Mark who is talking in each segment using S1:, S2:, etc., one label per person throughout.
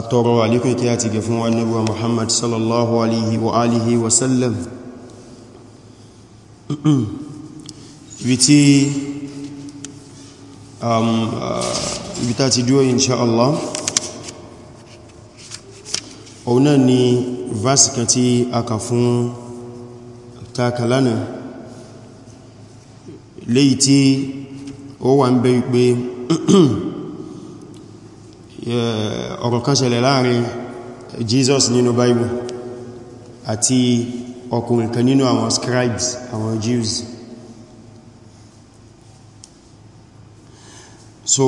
S1: àtọrọ àlékún kí a ti gẹ fún wa Ànábì wa Muhammad sallallahu alaihi wa alihi wa sallam ibi tí um, uh, ibi tá ti dúró insha Allah òun ni vásì tí a kà fún takalana léyìí tí ó wà ń bẹ́ wípé ọ̀rọ̀ kan ṣẹlẹ̀ láàrin Jesus nínú Bible àti ọkùnrin kan nínú àwọn scribes àwọn Jews so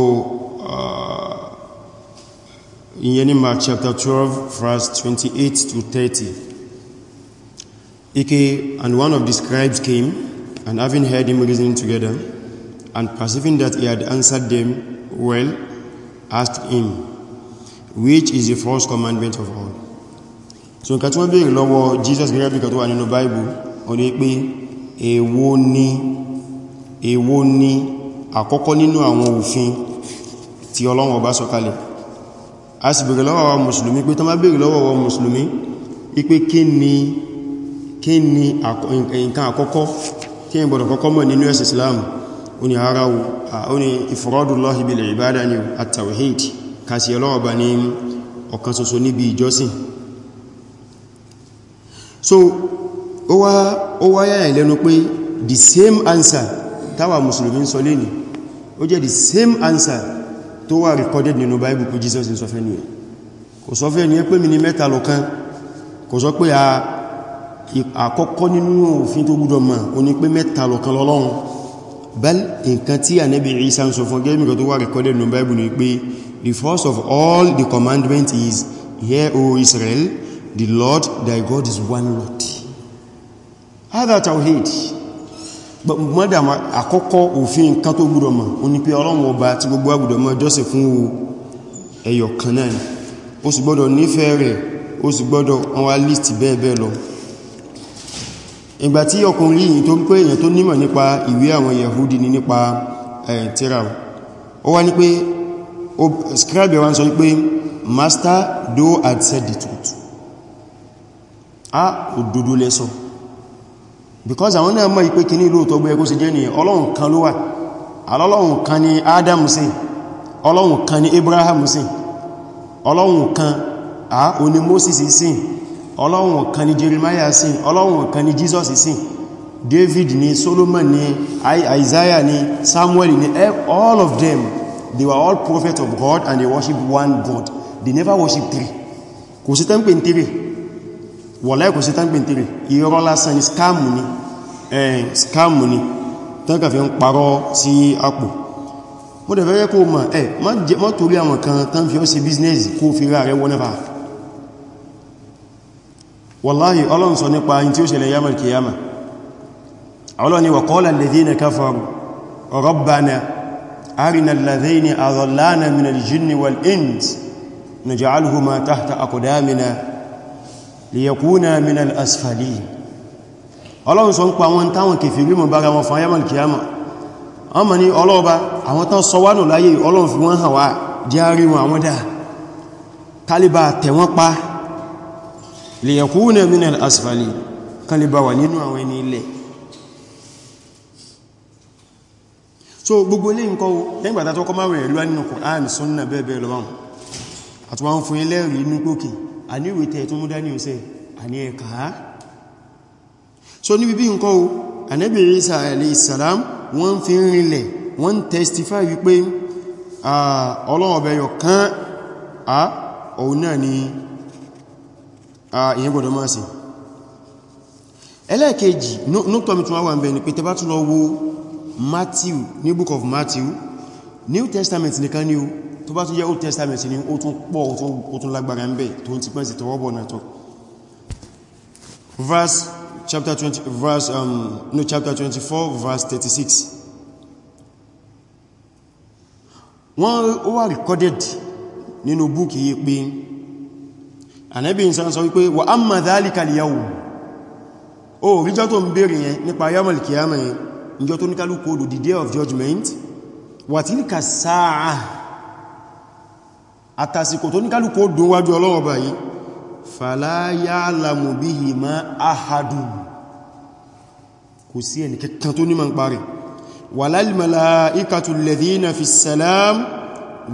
S1: in uh, ní Mark chapter 12 verse 28 to 30 ike and one of the scribes came and having heard him reasoning together and perceiving that he had answered them well asked him which is the first commandment of all so nǹkan tí wọ́n béèrè lọ́wọ́ Jesus gẹ́gẹ́ bí kàtó wà nínú Bible ó ní pé èwo ni èwo ni àkọ́kọ́ nínú àwọn òfin tí Ọlọ́run ọba sọ̀kalẹ̀ a sì béèrè lọ́wọ́ wa mùsùlùmí pé tán bá béèrè lọ́wọ́ wa mùsùlùmí ipé kí ni ni nǹkan àkọ́kọ́ kí ni gbọ́dọ̀ kọ́kọ́ mọ̀ nínú ẹ̀sìn Islam ó ní ara ó ní ifradullahi bil ibada ni kàsí Ọlọ́run ní ọ̀kan ṣoṣo níbi ìjọsìn so ó wá ó wá yáyà lẹ́nu pé the same answer táwà mùsùlùmí ń sọ lẹ́ni ó jẹ́ the same answer tó wà recorded nínú Bible pé Jesus ń sọ fẹ́ nìyẹn kò sọ fẹ́ nìyẹn pé mi ní mẹ́ta lọ́kan kò sọ pé àkọ́kọ́ nínú òfin tó gbọ́dọ̀ mọ̀ o ní pé mẹ́ta lọ́kan lọ́lọ́run bẹ́ẹ̀ nǹkan tí Ànábì Ìsá ń sọ fún gẹ́mìkan tó wà recorded nínú Bible ni pé The first of all the commandment is, Hear, O Israel, the Lord thy God is one Lord. Hádá Tawhid. Mọ́dàmà àkọ́kọ́ òfin nǹkan tó gbọ́dọ̀ mọ̀, ó ní pé Ọlọ́run ọba tí gbogbo agbọ́dọ̀ mọ̀ jọ́sẹ̀ fún ẹyọ kan náà ni. Ó sì gbọ́dọ̀ nífẹ̀ẹ́ rẹ̀, ó sì gbọ́dọ̀ wọ́n wá list bẹ́ẹ̀ bẹ́ẹ̀ lọ. Ìgbà tí ọkùnrin yìí tó ń pé èèyàn tó nímọ̀ nípa ni nípa eh Ó wá ní pé scribe wọn sọ pé master do had said the truth a òdodo lẹ́sọ because àwọn náà mọ̀ ìpé kìíní lóòtọ́ gbé ẹgbó sí jẹ́ nìyàn ọlọ́run kan ló wà alọ́lọ́run kan ni adam sí ọlọ́run kan ni abraham sí ọlọ́run kan a o ni moses sí ọlọ́run kan ni jeremiah sí ọlọ́run kan ni jesus sí david ni solomon ni isaiah ni samuel ni eh, all of them they were all prophets of God and they worship one God they never worship three kò sí tán pè ní three wọ̀lá kò sí tán pè ní three irọ́ lásán ni scam ni eh, scam ni tán kàfẹ́ ń parọ́ sí àpò mo dẹ̀ fẹ́rẹ́ kó ma ẹ̀ eh, má torí àwọn kan tán fi ọ́ sí business kó fi rà rẹ wọ́nẹ́fà wàláhì ọlọ́run sọ nípa ayin tí ó ṣẹlẹ̀ yamal kiyama ọlọ́run ni wa qala alladhina kafaru rabbana أرنا الذين أضلانا من الجن والإنس نجعلهما تحت أقدامنا ليكونا من الأسفلين ọlọ́run sọ ń pa àwọn táwọn kèfèrí mọ̀ bára wọn fún ayámọ̀ kìyàmọ̀ wọ́n mọ̀ ní ọlọ́ọba àwọn tán sọ wánù láyé ọlọ́run fi wọ́n hàn jẹ́ àrí wọn àwọn dáa kálíbà tẹ̀wọ́n pa liyakuna min al-asfali kálíbà wà nínú àwọn ilẹ̀ so gbogbo ilé nǹkan lẹ́yìn bàtà tó kọ́ máa rẹ̀ lọ nínú Kùránì Sunna bẹ́ẹ̀bẹ́ẹ̀ lọ báhùn àti wọ́n fún ilẹ̀ rí inú gbókè a ní ìwé tẹ́ẹ̀tún mú dání ọ̀sẹ̀ a ní ẹ̀ka so ní bíbí nǹkan Ànábì Ìsá alayhi salam wọ́n fi rinlẹ̀ testify wípé Ọlọ́run ọbẹ̀ yọ kán a òun náà ni ìyẹn gbọ́dọ̀ máa sí ẹlẹ́ẹ̀kejì nótọ́mìtún wà ń bẹ̀ ni pé tẹbátún lọ wo Matthew ní book of Matthew New Testament nìkan ni o tó bá tún jẹ́ Old Testament ni ó tún pọ̀ ó tún lágbára ń bẹ̀ tó ń ti pẹ́ sí náà tọ́ verse chapter 20 verse um, no chapter 24 verse 36 wọ́n ó wà recorded nínú búkì yìí pé ànábì ìsán sọ wípé wa amma dhalika al-yawm ó ríjọ́ tó ń bèèrè yẹn nípa yawm al yẹn ìjọ tó ní kálùkù odò the day of judgment wà tí ní kàsáà àtàsìkò tó ní kálùkù odò wájú ọlọ́wọ́ báyìí fàláyàlàmù bí i ma áhàdù kò sí ẹni kẹkàn tó ní ma ń parí wàlálìmàlá ikàtù lẹ́dínà fi sàlám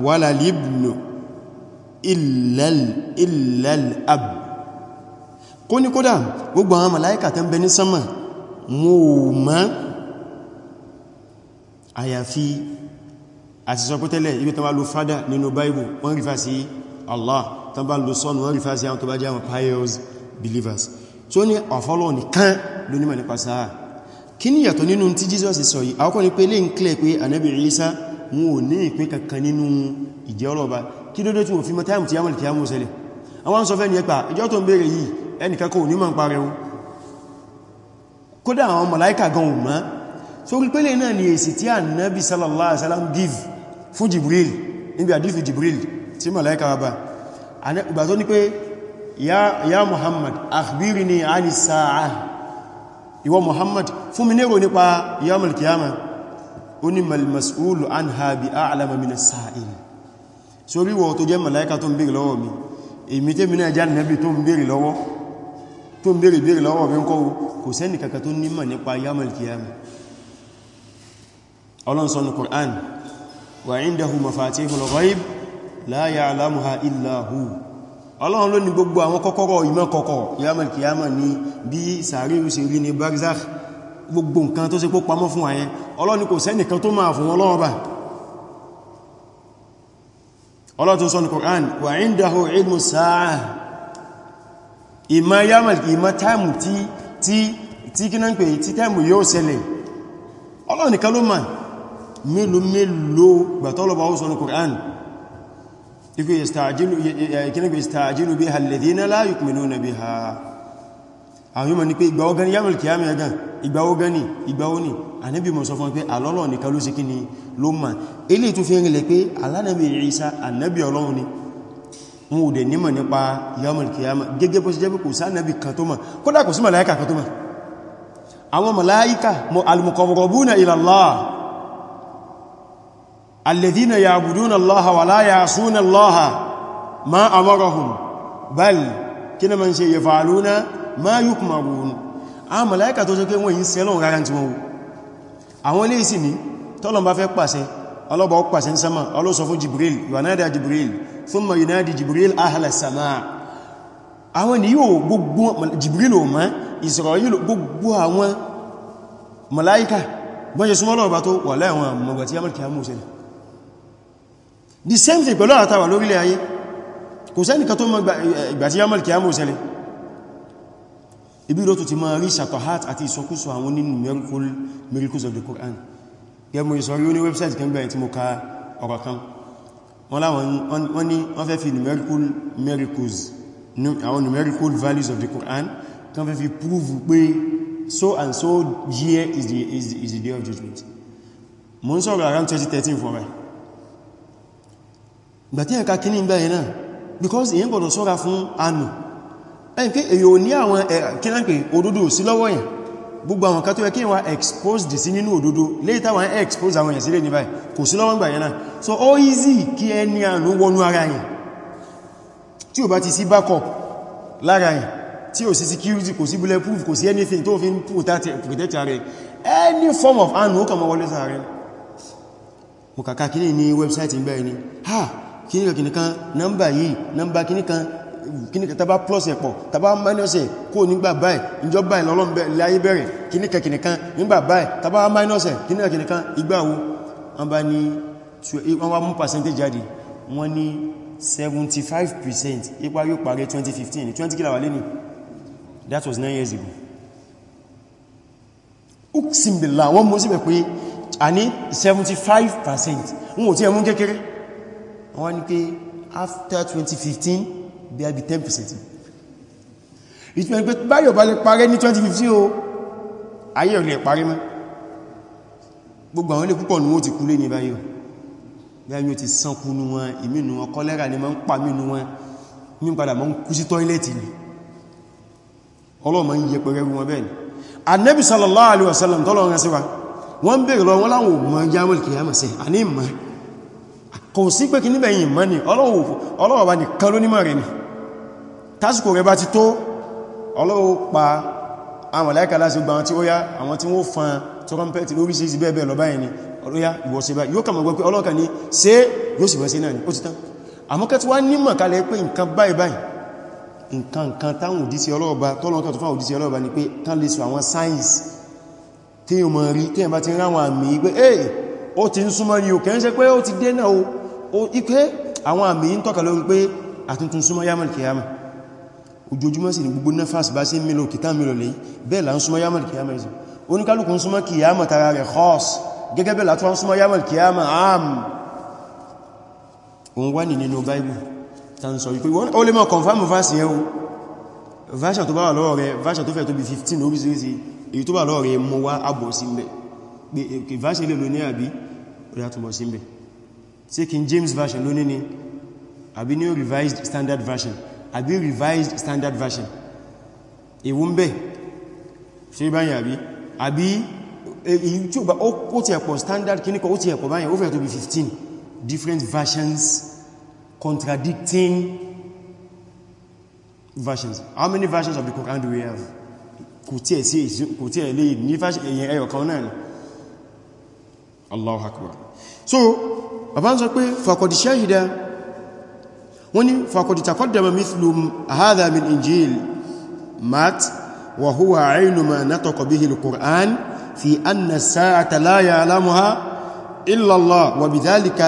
S1: wàlálìbìnà ìlàl'ab kó ní kódà gbogbo àwọn màláíkà tẹ́ ń bẹ ní sánmà mọ́ àyàfi àti sọ pẹ́tẹ́lẹ̀ ibi tán bá lo fada nínú bible wọ́n rífà sí allah tán bá lo son wọ́n rífà sí àwọn tó bá jẹ́ àwọn pious believers tí ó ní ọ̀fọ́lọ́ nìkan ló nímọ̀ nípa sáà kí ni yàtọ̀ nínú tí jesus sọ yìí àkọ́kọ́ ni pé lè ń kílẹ̀ pé ànábì isa wọn ò ní ìpín kankan nínú ìjẹ́ ọlọ́ba kí ló dé tí wọ́n fi mọ́ táìmù tí yàmù kí yàmù ṣẹlẹ̀ àwọn sọ fẹ́ ni ẹpa ìjọ tó ń bèèrè yìí ẹnìkan kò ní mọ̀ ń parẹ́ wọn kódà àwọn màláíkà gan ò mọ́ sórí pẹ́lẹ̀ náà ni èsì tí Ànábì sallallahu give fún Jibril níbi àdífì Jibril tí màláíkà wá bá ìgbà tó ní pé ya Muhammad akhbirni ani sa'ah ìwọ Muhammad fún mi nérò nípa yawmal qiyamah ó ní mal mas'ulu anha bi a'lama min as-sa'il sórí wọ tó jẹ́ màláíkà tó ń bèèrè lọ́wọ́ mi èmi tẹ́mi tó ń bèèrè lọ́wọ́ tó ń bèèrè kò sẹ́nì kankan tó nímọ̀ nípa yawmal qiyamah ọlọ́nsọ́nù Qur'an wa indahu mafatihul ghaib la ya'lamuha illa hu ọlọ́run ló ní gbogbo àwọn kọ́kọ́rọ̀ ìmọ̀ kọ̀kọ̀ yamal kiyama ní bí sàárírù sí rí ní barzakh gbogbo nǹkan tó ṣe pó pamọ́ fún àyẹn ọlọ́run kò sẹ́nìkan tó máa fún ọlọ́run bá ọlọ́tún sọ́nù Qur'an wa indahu ilmu sa'a ìmọ̀ yamal ìmọ̀ táìmù tí mélòó mélòó gbàtọ́lọ̀bà ó sọ́nà Kùránì ikú ìstàjínú bí alladhina la yu'minuna biha àwọn yíò mọ̀ ní pé ìgbà ogan yàmùl kìyàmì ẹgan ìgbà ogan ni ìgbà ó ní ànábì mọ̀ sọ fún pé alọ́lọ́ ní kaló sí kíni ló mọ̀ ilé tó fi rìnlẹ̀ pé alánàbì Ìsá ànábì Ọlọ́run ni wọn ò dẹ̀ nímọ̀ nípa yàmùl kìyàmì gẹ́gẹ́ bó ṣe jẹ́ pé kò sánàbì kan tó mọ̀ kódà kò sí màláíkà kan tó mọ̀ àwọn màláíkà al-muqarrabuna الذين يعبدون الله ولا يعصون الله ما أمرهم بل كنا من شيء يفعلون ما يكمرون àwọn màláíkà tó ṣe pé wọ́n yí sẹ́lọ̀ rárá tí wọ́n wò àwọn ilé ìsìn ní tọ́lọ̀ bá fẹ́ pàṣẹ ọlọ́bà ó pàṣẹ sánmà ọlọ́sọ fún jibril yonada jibril fún ma yonadi jibril ahàlẹ̀ sánmà àwọn ni yóò gbogbo jibril the same thing pẹ̀lú àtàwà lórílẹ̀ ayé kò sẹ́ni kan tó mọ̀ ìgbà tí yamal kìí àmọ́ ìṣẹ́lẹ̀ ibi ló tó ti máa rí ṣàtọ̀hát àti ìsọkúsọ àwọn nínú miracles of the Quran gẹ́mù ìsọ̀rí ó ní website kan gbẹ̀yìn tí mo ka ọ̀rọ̀ kan wọ́n láwọn wọ́n fẹ́ fi numerical miracles àwọn numerical values of the Quran kan fẹ́ fi prove so and so year is the, day of judgment mo ń around 2013 for right gbàtí ẹ̀ka kí ní ìgbẹ̀yìn náà because èyí gbọ́dọ̀ sọ́ra fún àmì ẹ̀yìn pé èyí ò ní àwọn kínápẹ̀ òdodo sí lọ́wọ́ yẹn gbogbo àwọn kan tó yẹ kí expose dì sí nínú òdodo léyìí táwọn expose àwọn èyàn so ó easy kí ẹni àánú wọnú ara yẹn tí ò bá ti sí backup lára yẹn security kò sí bulletproof kò sí anything tó fi ń protect ara any form of àánú ó kàn mọ́ wọlé sára rẹ̀ mo kàkà kí website kíníkà kíníkan nọ́mbà yìí nọ́mbà kíníkan kíníkà tàbá plus ẹ̀pọ̀ tàbá minus ẹ̀ kó nígbà báyìí ìjọ báyìí lọ́lọ́mbẹ̀ láyé bẹ̀rẹ̀ kíníkà kíníkan nígbà báyìí tàbá minus ẹ̀ kíníkà kíníkan ìgbàwo wọ́n bá ní wọ́n wá mú percentage jáde wọ́n ní 75% ipa yóò parí 2015 ní 20 kílàwà lé ní that was 9 years ago uksimbila wọ́n mọ́ sí pẹ̀ pé a ní 75% wọn ò tí ẹmú kékeré wọ́n ní pé after 2015 bí i 10% ìtumẹ̀ pé báyọ̀ bá lè parẹ́ ní 2015 o ayé ò lè parẹ́ mọ́ gbogbo àwọn ilé púpọ̀ ní wọ́n ti kú lé ní báyọ̀ báyọ̀ ti sánkú ní wọn ìmínú wọn kọ́lẹ́rà ní máa ń pa mínú wọn ní padà máa ń kú sí tọ́ílẹ̀tì ni ọlọ́mọ ń yẹ pẹ̀rẹ́ wọn bẹ́ẹ̀ ni Ànábì sallallahu alaihi wasallam tọ́lọ́run sí wa wọ́n bèèrè lọ wọ́n láwọn òmùmọ̀ jámọ̀lì kìyàmọ̀ sí àní ìmọ̀ kò sí pé kí níbẹ̀yìn mọ́ ni Ọlọ́run bá nìkan ló nímọ̀ rẹ̀ ni tásìkò rẹ̀ bá ti tó Ọlọ́run pa àwọn aláìkà láti gba àwọn tí ó yá àwọn tí wọ́n fan tọ́rọmpẹ́tì lórí sí bẹ́ẹ̀bẹ́ẹ̀ lọ ni ọlọ́yá ìwọ̀sẹ̀ bá yóò kàmọ̀ gbogbo ọlọ́kà ní ṣe yóò sì wọ́sẹ̀ náà ni ó ti tán àmọ́kẹ́ tí wá nímọ̀ kalẹ̀ pé nǹkan báyìí báyìí nǹkan nǹkan táwọn òdí sí ọlọ́ọ̀bá tọ́lọ́nkà tó fáwọn òdí ń súnmọ́ ni ò kẹ́ ń ṣe pé ó ti dé náà ipé àwọn àmì ń tọ́ka lórí pé àtúntún súnmọ́ yamal kiyama ojoojúmọ́ sí ni gbogbo nefas bá sí mílò kìtà mílò lè bẹ́ẹ̀ là ń súnmọ́ yamal kiyama ìsìn oníkálùkù ń súnmọ́ kiyama tara rẹ̀ khas gẹ́gẹ́ bẹ́ẹ̀ látún súnmọ́ yamal am òun wá ní nínú Bible ta ń sọ wípé ó confirm verse yẹn o version tó bá wà lọ́wọ́ rẹ̀ version tó fẹ́ tó bí 15 oríṣiríṣi èyí tó bá lọ́wọ́ ṣé King James version lóní ni àbí new revised standard version àbí revised standard version ewu ń bẹ ṣe báyìí àbí àbí èyí e, e, tí ó bá ó ti ẹ̀pọ̀ standard kíníkọ ó ti ẹ̀pọ̀ báyìí ó fẹ́ tó bí 15 different versions contradicting versions how many versions of the Quran do we have kò tí ẹ̀ sí kò tí ẹ̀ lè ní version kan náà Allahu Akbar so bàbá ń sọ pé fàkọ̀dì ṣáhìdá wọ́n ni fàkọ̀dì takọ́dàmà mithlu hadha min injil mat wa huwa ainu ma nataqa bihi al-qur'an fi anna as-sa'ata la ya'lamuha illa Allah wa bidhalika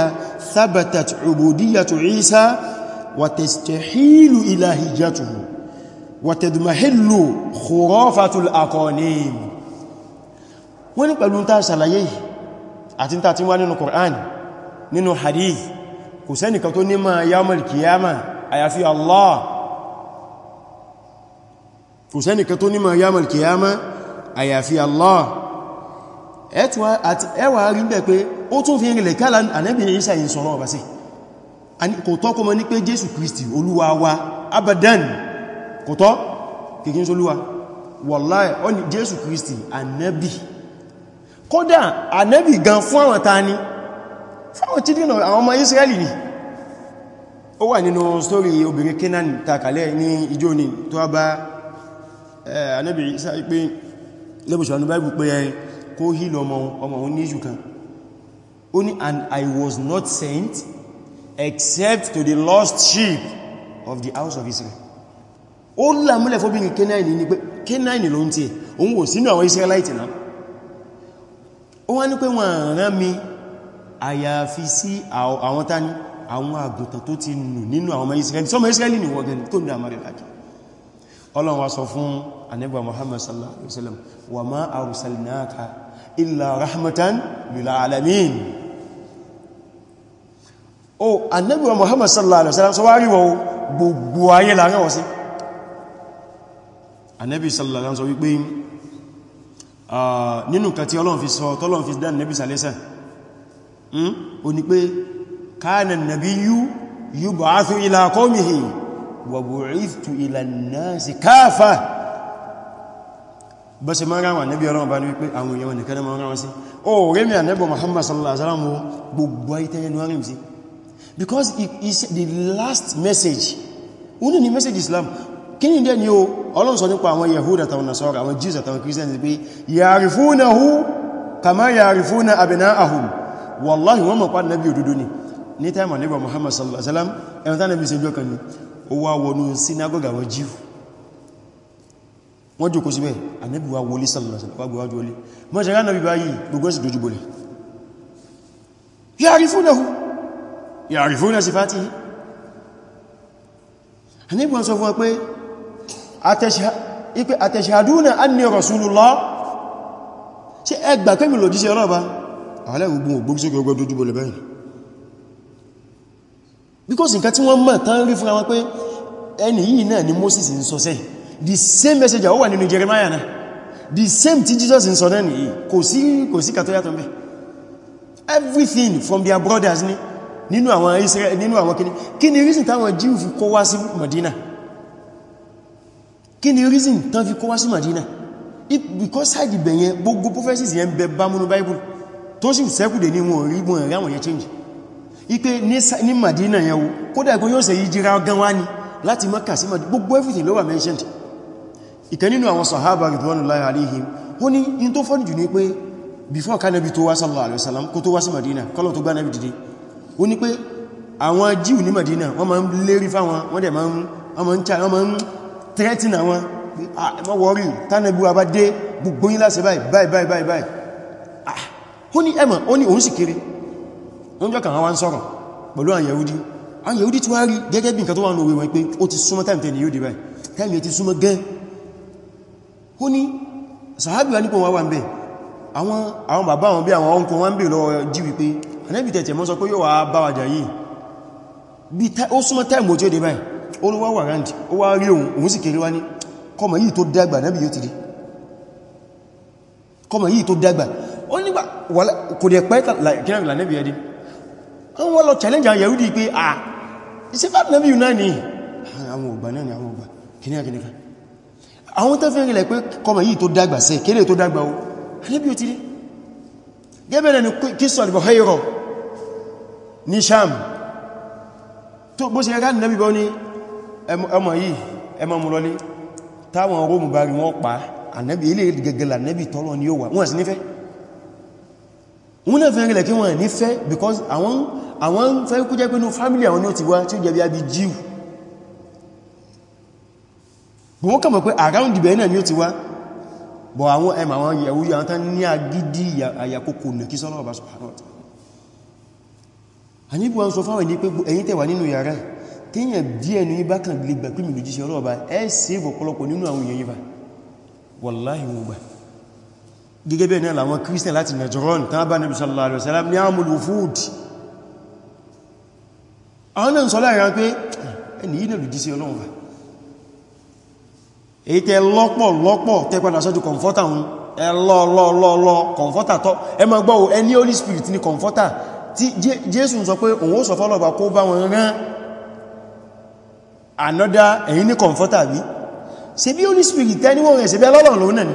S1: thabatat ubudiyyatu Isa wa tastahilu ilahiyyatuhu wa tadmahillu khurafatul aqanim wọ́n ni pẹ̀lú ta ṣàlàyé àti ta ti wá nínú qur'an nínú hadith kò sẹ́nìkan tó ní ma yawmal kiyama àyàfi Allah kò sẹ́nìkan tó ní ma yawmal kiyama àyàfi Allah ẹwà rí bẹ̀ pé ó tún fi rìnlẹ̀ kí Ànábì Ìsá yìí sọ̀rọ̀ ọ̀bá sí kò tọ́ kó ní pé Jésù Kristi olúwa abadan kò tọ́ kìkín sólúwa wallahi Jésù Kristi Ànábì kódà Ànábì gan fún àwọn ta ni sáwọn children àwọn ọmọ Israeli ni ó wà nínú story obìnrin Kenan takalẹ̀ ní ìjọ ni tó wá bá anábì Isa pé lẹ́bùsọ̀ anú báìbù pé kó hìlọ ọmọ òun ní ìṣù kan ó ní and I was not sent except to the lost sheep of the house of Israel ó làmúlẹ̀ fóbìnrin Kenan ní pé Kenan ló ń tí ẹ̀ òun wò sínú àwọn Israelite náà ó wá ní pé wọ́n rán mi àyàfi sí àwọn tání àwọn àgùntàn tó ti nù nínú àwọn ọmọ Israeli sọmọ Israeli ni wọ́n gẹni tó ní àmàrí láti Ọlọ́run wá sọ fún anẹ́gbà Muhammad sallallahu alaihi wasallam wa ma arsalnaka illa rahmatan lil alamin o anẹ́gbà Muhammad sallallahu alaihi wasallam sọ wá ríwọ gbogbo ayé láàrin wọ́n sí anẹ́bì sallallahu alaihi wasallam sọ wípé ah, nínú kan Ọlọ́run fi sọ tọ́lọ́run fi dá nẹ́bì sallallahu alaihi wasallam Hmm? ó ní pé kana nabiyyu yub'athu ila qawmihi wa bu'ithtu ila an-nasi kafa bó ṣe máa ráwọn ànábí ọlọ́run bá ní wípé àwọn èèyàn nìkan náà máa ráwọn sí o rí mi ànábọ̀ wọ́n sí because the last message oní message Islam kí ni dẹ́ ni o ọlọ́run sọ nípa àwọn Yahuda àtàwọn Nasara àwọn Jews àtàwọn Christians pé kama ya'rifuna abna'ahum wallahi wọ́n mọ̀ pa nabi òdodo ni ní táìmà nígbà muhammad sallallahu alaihi wasallam ẹ̀wọ̀n tá nabi sejọ́ kan ni ó wá wọnú sinagoga wọ́n jíu wọ́n jòkó síbẹ̀ ànábì wá wọlé sallallahu alaihi wasallam wá wọlé mọ́ ṣe rán nabi báyìí gbogbo sì dojú bolẹ̀ ya'rifunahu ya'rifuna sifatihi ànábì wọ́n sọ fún ẹgbà kẹ́mì lòdí ọlọ́ba aláìgbogbo ògbógbósókè ọgbọ́ dojúbò lè báyìí because nǹkan tí wọ́n mọ̀ tán rí fúnra wọn pé ẹni yìí náà ni Moses ń sọ sẹ́ the same message ó wà nínú Jeremiah náà the same tí Jesus ń sọ náà nìyí kò sí kò sí kàtó yàtọ̀ mẹ́ everything from their brothers ni nínú àwọn Israel nínú àwọn kíní kí ni reason táwọn Jew fi kó wá sí Madina kí ni reason tán fi kó wá sí Madina it because side ibẹ̀ yẹn gbogbo prophecies yẹn bẹ bámúnú Bible tó sì sẹ́kùdé ní wọn rí wọn rí àwọn yẹn change ipé ní Madina yẹn o kódà ikú yóò ṣe yí jíra gan wá ní láti Maka sí Madina gbogbo everything ló wà mentioned ìkan nínú àwọn sahaba ridwanullahi alaihim wọ́n ní in tó fọ́n jù ní pé before kanabi tó wá sallallahu alaihi wasallam kó tó wá sí Madina kọ́lọ̀ tó gbá nabi dìde ó ní pé àwọn jíù ní Madina wọ́n ma ń lérí fáwọn wọ́n dẹ̀ ma ń threaten àwọn ah, mọ́wọ́rí tánàbí wa bá dé gbogbo yín láṣẹ báyìí báyìí báyìí báyìí ó ní ẹmà ó ní òun sì kéré oúnjẹ́ kan àwọn sọ́rọ̀ pẹ̀lú àwọn yahudi àwọn yahudi tí wá rí gẹ́gẹ́ bí nǹkan tó wà ní orí wọn pé ó ti súnmọ́ tàìmì tẹ́lẹ̀ yóò dé báyìí tàìmì ti súnmọ́ gẹ́ ó ní sàhábì wà nípò wà wà ń bẹ̀ àwọn bàbá wọn bí àwọn ọkùn wọn bèèrè lọ́wọ́ jí wípé anẹ́bì tẹ̀tẹ̀ mọ́ pé yóò yìí tó dàgbà ó nígbà kò dẹ̀ pẹ́ kìrìnà nẹ́bí ẹdí wọ́n wọ́n lọ challenge àwọn yahudi pé à iṣẹ́ bá nẹ́bí yìí náà ni àwọn ògbà náà ni àwọn ògbà kìrìnà kìrìnà àwọn tó fẹ́ rílẹ̀ pé kọmọ yìí tó dàgbà sẹ kéré tó dàgbà o nẹ́bí ò ti rí gẹ́bẹ̀rẹ̀ ni sham tó bó ṣe rá nẹ́bí bọ́ ní ọmọ yìí ẹmọ mú lọlé táwọn rómù bá rí ilé gẹ́gẹ́lá nẹ́bí tọ́lọ ni ó wà wọ́n sì nífẹ́ wọ́n náà fẹ́ rẹ̀lẹ̀ kí wọ́n ní fẹ́ because àwọn àwọn fẹ́ kú jẹ́ pé ní family àwọn ní ó ti wá tí ó jẹ́ bí i jíù wọ́n kàmọ̀ pé around ibẹ̀ náà ní ó ti wá bọ̀ àwọn ẹmà àwọn yẹ̀wú àwọn tán ní agídí àyàkókò nà kí sọ́lọ́wọ́ bá subhanahu wa ta'ala àníbù wọn sọ fáwọn ní pé ẹ̀yin tẹ̀wà nínú yàrá tíyàn díẹ̀ ní bákan lè gbà pé mi lòjíṣẹ́ ọlọ́ọ̀bá ẹ́ sèvò ọ̀pọ̀lọpọ̀ nínú àwọn èèyàn yìí bá wallahi wọn gbà gẹ́gẹ́ bẹ́ẹ̀ náà làwọn christian láti Najran tán bá Nabi sallallahu alaihi wasallam ní àmúlù wufud àwọn náà sọ́lá ìran pé ẹni yìí nílùú jíṣẹ́ Ọlọ́run rẹ̀ èyí tẹ lọ́pọ̀ lọ́pọ̀ tẹ padà sọ́jú kọmfọ́tà hun ẹlọ́lọ́lọ́lọ́ kọmfọ́tà tọ́ ẹ ma gbọ́ ẹni Holy Spirit ni kọmfọ́tà tí Jésù sọ pé òun ó sọ fọ́lọ̀bà kó bá wọn rán another ẹ̀yìn bí Holy Spirit tẹ́ níwọ̀n rẹ̀ ṣe bí ọlọ́run náà ni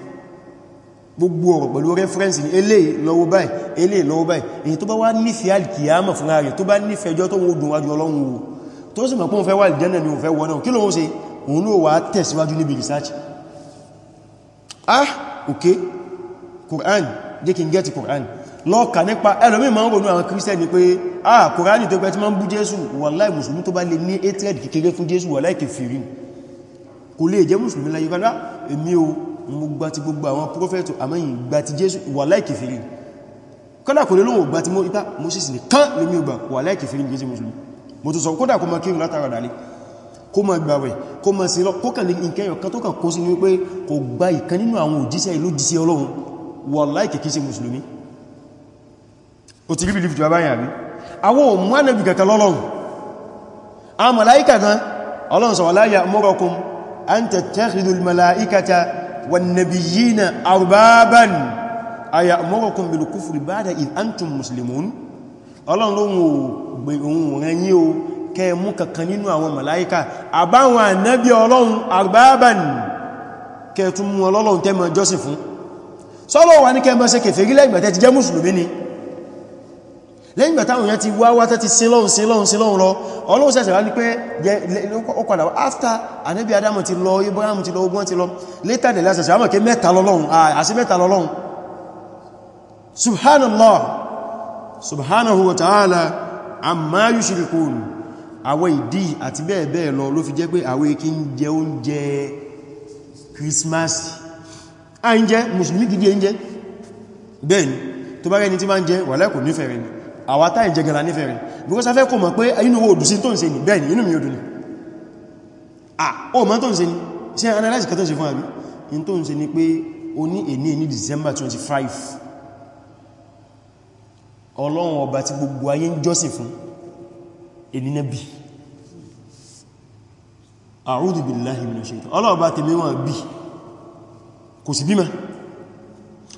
S1: gbogbo ọ̀rọ̀ pẹ̀lú rẹ́fẹ́rẹ́nsì ní elé lọ́wọ́ báyìí elé lọ́wọ́ báyìí èyí tó bá wá nífẹ̀ẹ́ alìkìyàmọ̀ fúnra rẹ̀ tó bá nífẹ̀ẹ́ ọjọ́ tó ń dùn wájú ọlọ́run wo tó sì mọ̀ pé òun fẹ́ wà ìjẹ́nà ni òun fẹ́ wọ́n náà kí lóun ṣe òun ah ok Quran jẹ́ kí n get Quran lọ́ọ̀kà nípa ẹlòmí ma ń ronú àwọn Christian ni pé ah Quran tó pẹ́ tí ma ń bú Jésù wàláì mùsùlùmí tó bá lè ní hatred kékeré fún Jésù wàláì kèfèrí kò lè jẹ́ mùsùlùmí láyé gbádá ah, èmi o mo gba ti gbogbo àwọn prófẹ́tò àmọ́yìn gba ti jésù wà láìkì fèrè kọ́dà kò lè lóhun gba ti mọ́ ipá moses ní kán lè mí ọgbà wà láìkì fèrè jésù mùsùlùmí mo tó sọ kódà kó ma kírù látara dalẹ́ kó ma gbàwẹ̀ kó ma sí lọ kó kàn lè nkẹyọ kan tó kàn kó sí ní wípé kò gba ìkan nínú àwọn òjíṣẹ́ ìlú jíṣẹ́ ọlọ́run wà láìkì kí ṣe mùsùlùmí ó ti rí bìlì fìjọba yà rí àwọn òmú ànàbì kankan lọ́lọ́run àwọn màláíkà gan ọlọ́run sọ wà láyà mọ́rọkùn an tẹ̀tẹ̀rìdùl màláíkàta والنبيين أربابا أيأمركم بالكفر بعد إذ أنتم مسلمون ọlọ́run ló wò ohun rẹ̀ yí o kẹ mú kankan nínú àwọn màláíkà àbáwọn ànábí ọlọ́run àrbábàn kẹ tún mú ọlọ́run tẹ́ lẹ́yìn ìgbà táwọn èèyàn ti wá wá tẹ́ti sí lọ́hun sí lọ́hun sí lọ́hun lọ ọlọ́hun ṣẹ̀ṣẹ̀ wá ní pé ó padà wá after anẹ́bí Adam ti lọ Ibrahim ti lọ ogun ti lọ later the last ṣẹ̀ṣẹ̀ wámọ̀ kí mẹ́ta lọ́lọ́hun àti ah, mẹ́ta lọ́lọ́hun subhanallah subhanahu wa ta'ala amma yushrikun àwọ ìdí àti bẹ́ẹ̀ bẹ́ẹ̀ lọ ló fi jẹ́ pé àwọ ikí ń jẹ oúnjẹ Christmas a ń jẹ́ mùsùlùmí gidi ń jẹ bẹ́ẹ̀ ni tó bá rẹni tí bá ń jẹ wà lẹ́kùn nífẹ̀ẹ́ rẹ̀ ni àwátá ìjẹgẹ̀lá nífẹ̀ẹ́ rẹ̀ because afẹ́ kò mọ̀ pé inú owó òdùsí tó ń ṣe ní bẹ́ẹ̀ ni inú mi òdùn ni ah o mọ́ tó ń ṣe ní ṣe analyze kẹtọ́ ṣe fún àbí in tó ń ṣe ní pé o ní èní ní December 25 ọlọ́run ọba tí gbogbo ayé ń jọ́sìn fún èní nẹ́bì a'udhu billahi minash shaitan ọlọ́run ọba tèmi wọn bí kò sí bímọ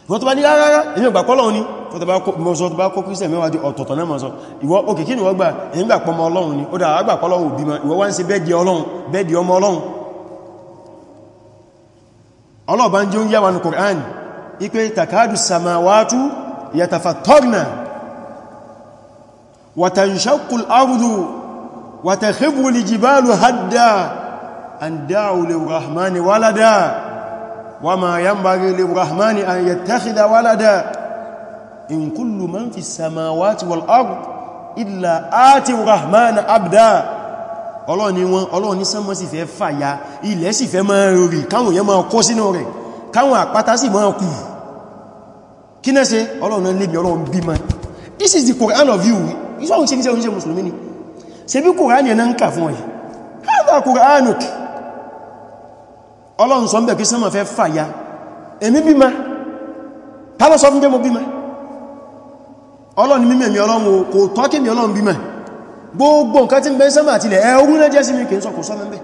S1: ìwọ́n tó bá ní rárá èmi ò gbà ni mọ́sọ́tọ́bákó kírísẹ̀ mẹ́wàá di ọ̀tọ̀tọ̀ náà mọ́sọ́ ìwọ òkè kí ni wọ́n gbà ẹ̀yìngbà pọmọ ọlọ́run ni ó dá àgbà pọ́lọ́run òbí ma wá ń ṣe bẹ́ẹ̀dì ọlọ́run bẹ́ẹ̀dì ọmọ ọlọ́run ọlọ́ọ̀bá an yattakhidha walada in kullu man fi samawati wal ard illa ati rahman abda ọlọ́ni wọn ọlọ́ni sánmọ́ sì fẹ́ fàyà ilẹ̀ sì fẹ́ máa rì káwọn yẹn máa kó sínú rẹ̀ káwọn àpáta sì máa kù kí náà ṣe ọlọ́run lè bí ọlọ́run bí ma this is the Quran of you ìṣọ́run ṣe ní ṣe mùsùlùmí ni ṣe bí Quran yẹn náà ń kà fún ọ̀yí hádà Quranuk ọlọ́run sọ ń bẹ̀ kí sánmọ́ fẹ́ fàyà èmi bí ma ta ló sọ mo bí ma ọlọ́run mímẹ̀ mi ọlọ́run kò tọ́kí mi ọlọ́run bímẹ̀ gbogbo nǹkan tí ń bẹ sánmà àti ilẹ̀ ẹ̀rú náà jẹ́ sí mi kì sọ kò sọ mẹ́bẹ̀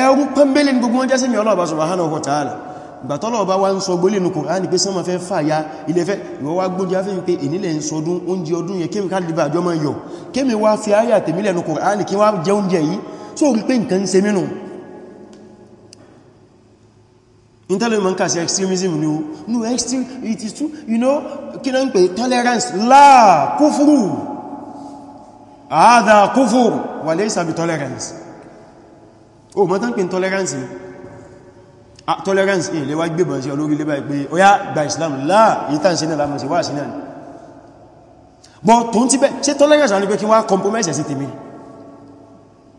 S1: ẹ̀rú pẹ́mbélé ní gbogbo jẹ́ sí mi ọlọ́ọ̀bá subhanahu wa ta'ala gbàtọ́lọ̀ ọba wá ń sọ gbólé nù Kùránì pé sánmà fẹ́ fàyà ilẹ̀ fẹ́ ìwọ wá gbójú afẹ́ pé ìnílẹ̀ ń sọdún oúnjẹ Intolerance man extremism ni o no extreme it is too you know kina npe tolerance la kufru hada kufur wa laysa bi tolerance o mo tan pe tolerance ni ah tolerance e le wa gbe bon se olórí le báyìí pé oya gba islam la yi tan se na la mo se wa se na ni bo ton ti be se tolerance ani pé kí wa compromise se tèmi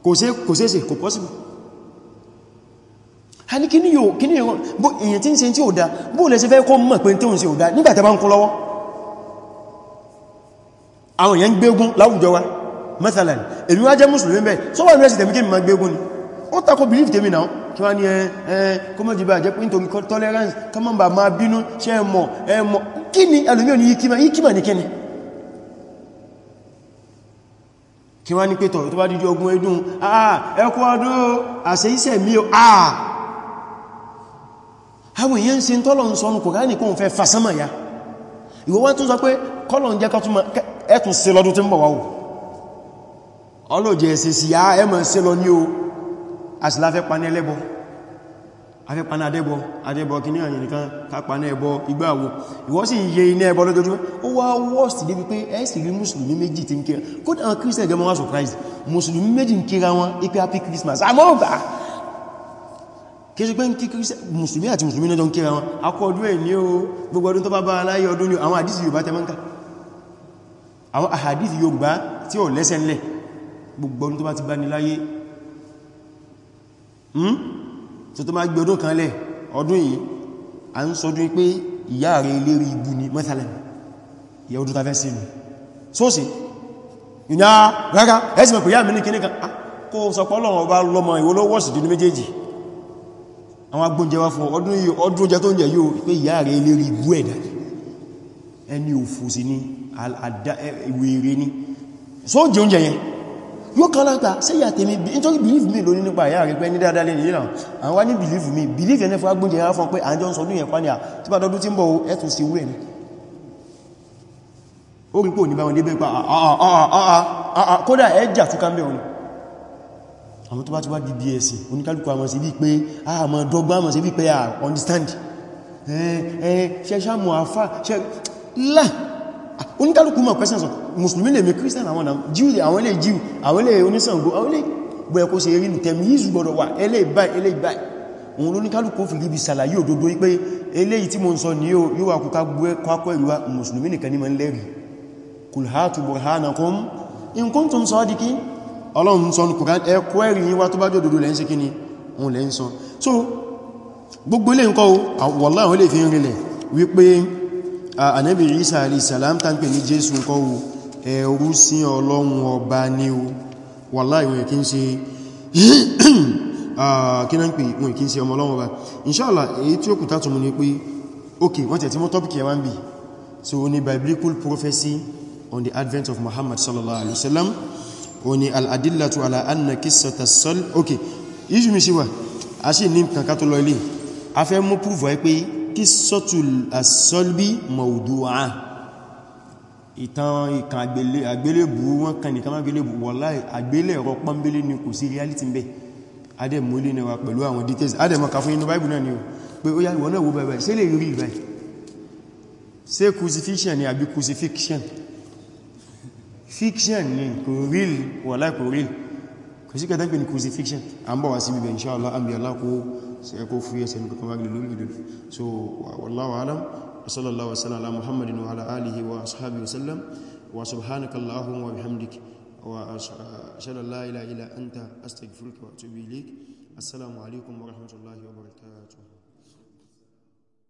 S1: kò ṣe kò ṣe ṣe kò possible a ní kíní yóò kíní yóò bó èyàn tí ń ṣe tí ò dá bó lè ṣe fẹ́ kó mọ̀ pé tí ò ń ṣe ò dá nígbàtà bá ń kú lọ́wọ́ àwọn èyàn ń gbégún láwùjọ wa mẹ́sàlẹ̀ èmi wá jẹ́ mùsùlùmí bẹ́ẹ̀ sọ́wọ́ ìrẹsì tẹ̀mí kí mi máa gbégún ni ó tako belief tèmi náà kí wá ní ẹ ẹ kó mọ́ jìbà jẹ́ píntomi tolerance ká mọ́ bà máa bínú ṣe ẹmọ̀ ẹmọ̀ kí ni alùmí òní yíkímà yíkímà ní tó bá díjú ogun ẹdún àà ẹkọ́ ọdún àṣẹ iṣẹ́ mi ò àwọn èèyàn ṣe ń tọ́lọ̀ ń sọ́nù Kùránì kò ń fẹ́ fasánmà ya ìwọ wá tún sọ pé kọ́lọ̀ ń jẹ́ kọ́túnmà ẹ̀tún ṣe lọ́dún tí ń bọ̀ wá o ọlọ́jẹ́ ẹ̀sẹ̀ sí ya ẹ̀mọ̀ ṣe lọ ní o àṣìlá fẹ́ pa ní ẹlẹ́bọ afẹ́ pa ní adẹ́bọ adẹ́bọ kí ní àyìn nìkan kápa ní ẹbọ igbáwo ìwọ sì yẹ iná ẹbọ lójoojúmọ́ ó wá wọ́ọ̀sì débi pé ẹ sì rí mùsùlùmí méjì tí ń kíra kódà àwọn kírísítẹ̀ gẹ́mọ́ wá surprise mùsùlùmí Christmas àmọ́ kìí ṣe pé kí mùsùlùmí àti mùsùlùmí náà jọ ń kíra wọn akọ́ọdún ẹ̀ ní o gbogbo ọdún tó bá bá aláyé ọdún ní àwọn àdísì Yorùbá tẹ́ mọ́ǹkà àwọn àhàdísì Yorùbá tí ó lẹ́sẹ̀ ńlẹ̀ gbogbo ọdún tó bá ti bá ní láyé hmm? so tó má gbé ọdún kan lẹ̀ ọdún yìí a ń sọdún pé ìyá rẹ̀ lérí ibu ni ah, kó sọpọ̀ Ọlọ́run lọ́mọ ìwọlọ́wọ́sì dínú méjèèjì àwọn agbóúnjẹ wá fún ọdún yìí ọdún oúnjẹ tó ń jẹ yóò pé ìyá rẹ̀ ilé rí bú ẹ̀dà ẹni òfò sí ní ìwèrè ní so jẹ oúnjẹ yẹn yóò kan lágbà sí ìyà tèmi nítorí believe me lónìí nípa ìyá rẹ̀ pé ní dáadáa lè nìyàn àwọn wá ní believe me believe ẹni fún agbóúnjẹ wá fún pé àjọ ń sọdún yẹn pa ní à tí bá dọdún tí ń bọ̀ ẹ̀tù sí wú ẹ̀mí ó rí pò ní bá wọn débẹ̀ pa àà àà àà kódà ẹjà túká mẹ́rin àwọn tó bá ti wá di bsc oníkálùkù àmọ̀ sí bí pé àmọ̀ dọ́gbà àmọ̀ bí pé à understand ṣẹ́ṣàmù àfá ṣe lá oníkálùkù mọ̀ pẹ́sẹ̀ sọ̀rọ̀ mùsùlùmí lè mẹ́ christian àwọn jíu àwọn ilé jíu àwọn ilé onísàngó àwọn ilé bẹ̀ẹ̀ kó se rínú tẹ̀mí yìí gbọdọ̀ wà ẹlẹ́ ìbáì ẹlẹ́ ìbáì òun ló níkálùkù fi ríbi sàlàyé òdodo pé eléyìí tí mo ń sọ ní yóò wà kúká gbé kwákọ́ ìwà ọlọ́run sọ ní kòrán ẹkọ́ ẹ̀rí yíwá tó bá jọ dòdó lẹ́yìn sí kí ni òun lẹ́yìn sọ so gbogbo ilé nǹkan wọ́lá àwọn ilé fi ń rinlẹ̀ wípé ànábì Isa alayhi salam ń pè ní Jésù nǹkan ẹ̀rú sí ọlọ́run ọba ni oni al'adillatu ala anna kissata sol ok iju mi ṣiwa a ṣe ní kankan tó lọ ilé a fẹ́ mú púrùfù ẹ pé kissatu as-salbi mawdu'a ìtàn ìkan àgbélébù wọn kan nìkan má gbélébù wallahi àgbélé ẹ̀rọ pọ́nbélé ni kò sí reality ń bẹ adẹ́mú ilé nẹwà pẹ̀lú àwọn details adẹ́mú ọkà fún inú báìbù náà ni o pé ó yá ìwọ̀n náà wo báyìí sí lè rí báyìí sí crucifixion ni àbí crucifixion fiction ni kò real wàlá kò real kò sí kẹta pé ní crucifixion a ń bọ̀ wá sí bíbẹ̀ insha Allah an sí ẹkó fúyẹ́ sẹ́nu kankan wá gílẹ̀ lórí ìdòdó so wallahu alam wa sallallahu wasallam ala muhammadin wa ala alihi wa ashabihi wasallam wa subhanaka allahumma wa bihamdik wa ashhadu an la ilaha illa anta astaghfiruka wa